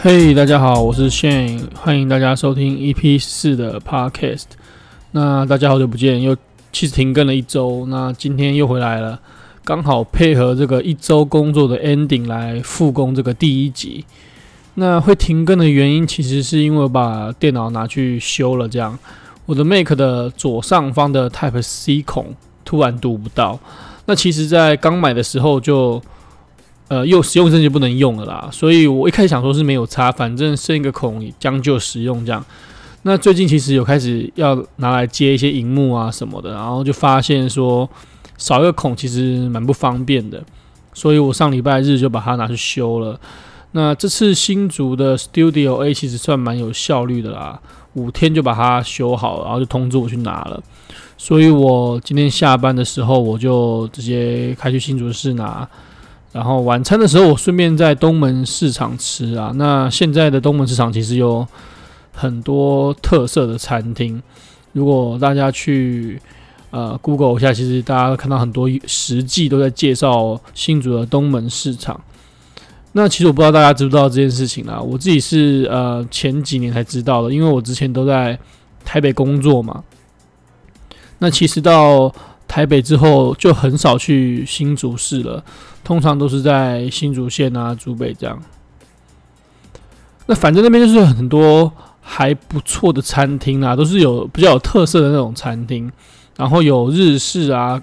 嘿，hey, 大家好，我是 Shane，歡迎大家收聽 EP 四的 Podcast。那大家好久不見，又其實停更了一周，那今天又回來了，剛好配合這個一周工作的 ending 來復工這個第一集。那會停更的原因，其實是因為我把電腦拿去修了，這樣我的 Mac 的左上方的 Type-C 孔突然讀不到。那其實，在剛買的時候就。呃，又使用一就不能用了啦，所以我一開始想說是沒有差，反正剩一個孔也將就使用這樣。那最近其實有開始要拿來接一些螢幕啊什麼的，然後就發現說少一個孔其實蠻不方便的，所以我上禮拜日就把它拿去修了。那這次新竹的 Studio A 其實算蠻有效率的啦，五天就把它修好，然後就通知我去拿了。所以我今天下班的時候我就直接開去新竹市拿。然後晚餐的時候，我順便在東門市場吃啊。那現在的東門市場其實有很多特色的餐廳。如果大家去呃 Google 一下，其實大家看到很多實際都在介紹新竹的東門市場。那其實我不知道大家知不知道這件事情啊。我自己是呃前幾年才知道的，因為我之前都在台北工作嘛。那其實到台北之後就很少去新竹市了，通常都是在新竹縣啊、竹北這樣。那反正那邊就是很多還不錯的餐廳啊，都是有比較有特色的那種餐廳，然後有日式啊、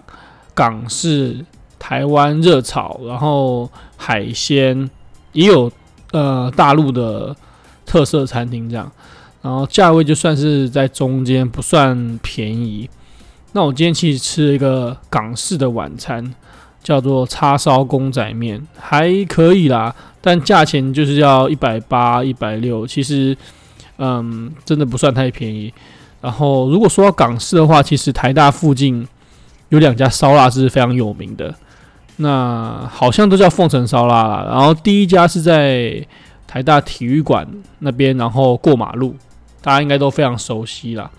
港式、台灣熱炒，然後海鮮，也有呃大陸的特色餐廳這樣，然後價位就算是在中間，不算便宜。那我今天去吃一個港式的晚餐，叫做叉燒公仔麵，還可以啦，但價錢就是要一百八、一百六，其實，嗯，真的不算太便宜。然後，如果說到港式的話，其實台大附近有兩家燒臘是非常有名的，那好像都叫鳳城燒臘啦。然後第一家是在台大體育館那邊，然後過馬路，大家應該都非常熟悉啦。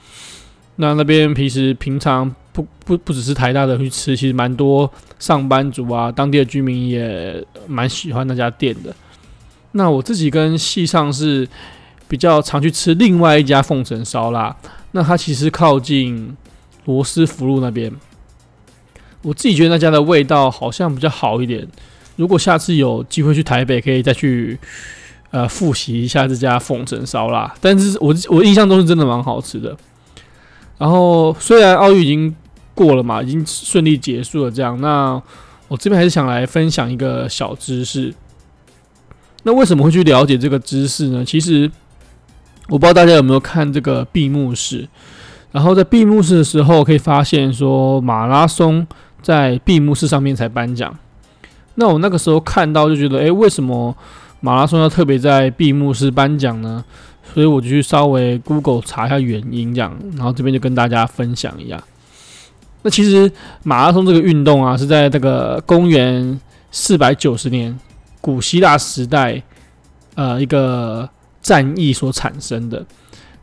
那那邊平時平常不不不只是台大的去吃，其實蠻多上班族啊，當地的居民也蠻喜歡那家店的。那我自己跟系上是比較常去吃另外一家鳳城燒臘。那它其實靠近羅斯福路那邊，我自己覺得那家的味道好像比較好一點。如果下次有機會去台北，可以再去呃複習一下這家鳳城燒臘。但是我我印象中是真的蠻好吃的。然後雖然奧運已經過了嘛，已經順利結束了。這樣，那我這邊還是想來分享一個小知識。那為什麼會去了解這個知識呢？其實我不知道大家有沒有看這個閉幕式。然後在閉幕式的時候，可以發現說馬拉松在閉幕式上面才頒獎。那我那個時候看到就覺得，誒，為什麼馬拉松要特別在閉幕式頒獎呢？所以我就去稍微 Google 查一下原因，這樣，然後這邊就跟大家分享一下。那其實馬拉松這個運動啊，是在那個公元四百九十年古希臘時代，呃，一個戰役所產生的。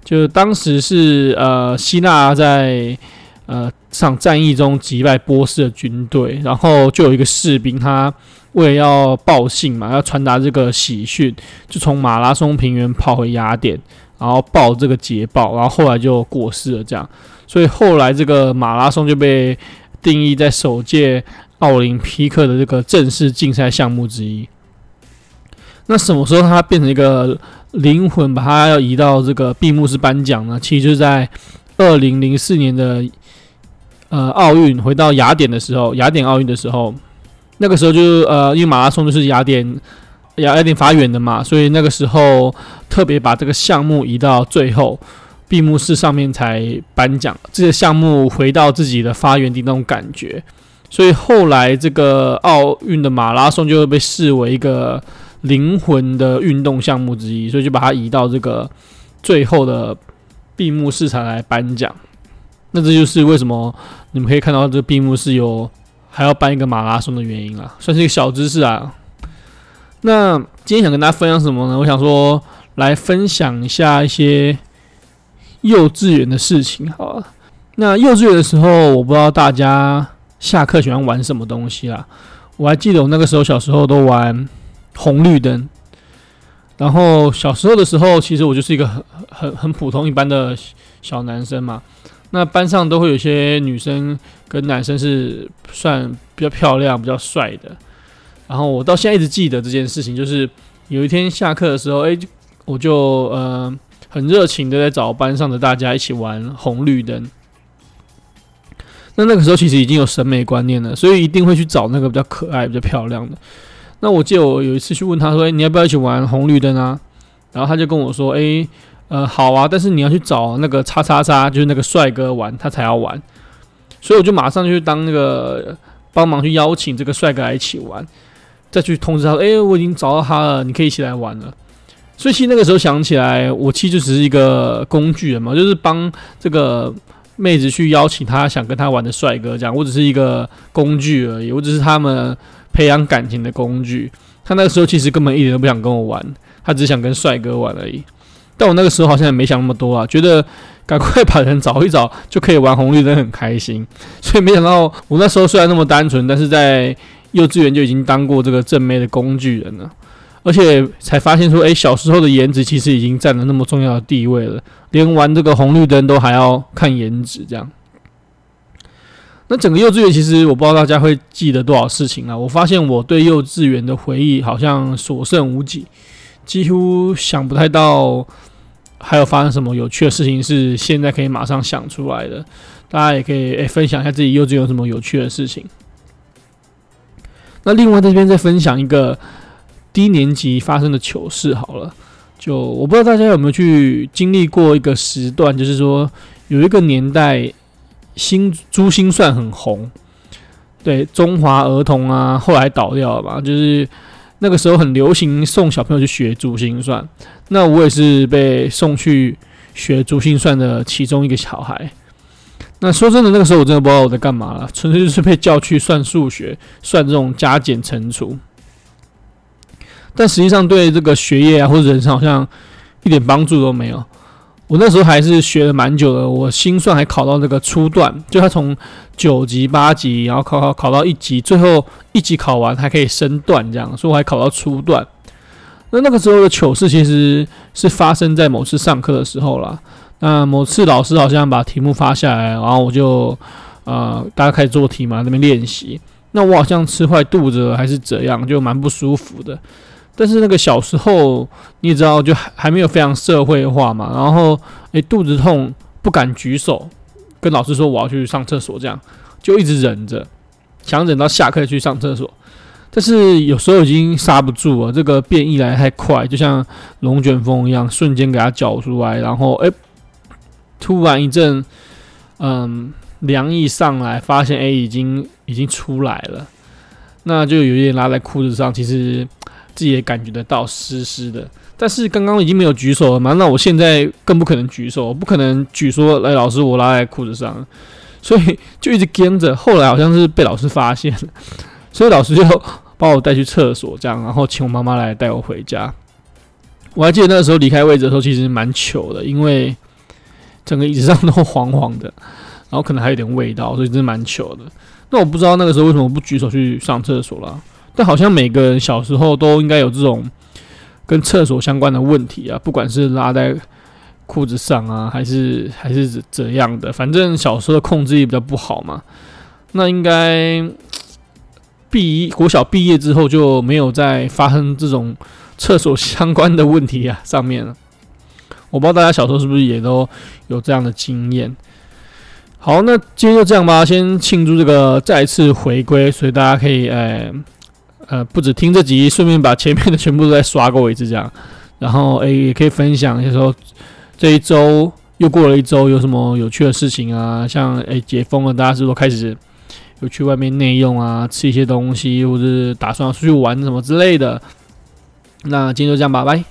就當時是呃，希臘在。呃，上戰役中擊敗波斯的軍隊，然後就有一個士兵，他為了要報信嘛，要傳達這個喜訊，就從馬拉松平原跑回雅典，然後報這個捷報，然後後來就過世了。這樣，所以後來這個馬拉松就被定義在首屆奧林匹克的這個正式競賽項目之一。那什麼時候它變成一個靈魂，把它要移到這個閉幕式頒獎呢？其實就是在二零零四年的。呃，奧運回到雅典的時候，雅典奧運的時候，那個時候就是呃，因為馬拉松就是雅典雅典發源的嘛，所以那個時候特別把這個項目移到最後閉幕式上面才頒獎。這個項目回到自己的發源地那種感覺，所以後來這個奧運的馬拉松就被視為一個靈魂的運動項目之一，所以就把它移到這個最後的閉幕式上來頒獎。那這就是為什麼你們可以看到這閉幕式有還要搬一個馬拉松的原因了，算是一個小知識啊。那今天想跟大家分享什麼呢？我想說來分享一下一些幼稚園的事情，好了。那幼稚園的時候，我不知道大家下課喜歡玩什麼東西啦。我還記得我那個時候小時候都玩紅綠燈，然後小時候的時候，其實我就是一個很很很普通一般的小男生嘛。那班上都會有一些女生跟男生是算比較漂亮、比較帥的，然後我到現在一直記得這件事情，就是有一天下課的時候，誒，我就嗯很熱情的在找班上的大家一起玩紅綠燈。那那個時候其實已經有審美觀念了，所以一定會去找那個比較可愛、比較漂亮的。那我記得我有一次去問他說：“誒，你要不要一起玩紅綠燈啊？”然後他就跟我說：“誒……”呃，好啊，但是你要去找那個叉叉叉，就是那個帥哥玩，他才要玩。所以我就馬上就去當那個幫忙去邀請這個帥哥來一起玩，再去通知他說，哎、欸，我已經找到他了，你可以一起來玩了。所以其實那個時候想起來，我其實只是一個工具人嘛，就是幫這個妹子去邀請她想跟她玩的帥哥，這樣我只是一個工具而已，我只是他們培養感情的工具。他那個時候其實根本一點都不想跟我玩，他只想跟帥哥玩而已。但我那個時候好像也沒想那麼多啊，覺得趕快把人找一找就可以玩紅綠燈，很開心。所以沒想到我那時候雖然那麼單純，但是在幼稚園就已經當過這個正妹的工具人了，而且才發現說，誒、欸，小時候的顏值其實已經占了那麼重要的地位了，連玩這個紅綠燈都還要看顏值這樣。那整個幼稚園其實我不知道大家會記得多少事情啊，我發現我對幼稚園的回憶好像所剩無幾，幾乎想不太到。還有發生什麼有趣的事情是現在可以馬上想出來的？大家也可以誒、欸、分享一下自己幼稚園有什麼有趣的事情。那另外這邊再分享一個低年級發生的糗事好了，就我不知道大家有沒有去經歷過一個時段，就是說有一個年代心珠心算很紅，對中華兒童啊後來倒掉了吧，就是。那個時候很流行送小朋友去學珠心算，那我也是被送去學珠心算的其中一個小孩。那說真的，那個時候我真的不知道我在幹嘛了，純粹就是被叫去算數學，算這種加減乘除。但實際上對這個學業啊或者人生好像一點幫助都沒有。我那時候還是學了蠻久的，我心算還考到那個初段，就他從九級、八級，然後考考考到一級，最後一級考完還可以升段，這樣，所以我還考到初段。那那個時候的糗事其實是發生在某次上課的時候啦。那某次老師好像把題目發下來，然後我就呃，大家開始做題嘛，在那邊練習。那我好像吃壞肚子了還是怎樣，就蠻不舒服的。但是那個小時候，你也知道，就還還沒有非常社會化嘛。然後，誒、欸，肚子痛不敢舉手，跟老師說我要去上廁所，這樣就一直忍着，想忍到下課去上廁所。但是有時候已經剎不住了，這個便意來太快，就像龍捲風一樣，瞬間給它攪出來。然後，誒、欸，突然一陣嗯涼意上來，發現誒、欸，已經已經出來了，那就有點拉在褲子上，其實。自己也感覺得到濕濕的，但是剛剛已經沒有舉手了嘛，那我現在更不可能舉手，我不可能舉說來、哎、老師我拉在褲子上，所以就一直跟着，後來好像是被老師發現了，所以老師就把我帶去廁所這樣，然後請我媽媽來帶我回家。我還記得那個時候離開位置的時候其實蠻糗的，因為整個椅子上都黃黃的，然後可能還有點味道，所以真的蠻糗的。那我不知道那個時候為什麼不舉手去上廁所了、啊。但好像每個人小時候都應該有這種跟廁所相關的問題啊，不管是拉在褲子上啊，還是還是怎樣的，反正小時候的控制力比較不好嘛。那應該畢業國小畢業之後就沒有再發生這種廁所相關的問題啊，上面了。我不知道大家小時候是不是也都有這樣的經驗。好，那今天就這樣吧，先慶祝這個再次回歸，所以大家可以哎。呃，不止聽這集，順便把前面的全部都再刷過一次，這樣，然後哎，也可以分享一下，就說這一週又過了一週，有什麼有趣的事情啊？像哎，解封了，大家是不是開始有去外面內用啊，吃一些東西，或者是打算出去玩什麼之類的。那今天就這樣吧，拜拜。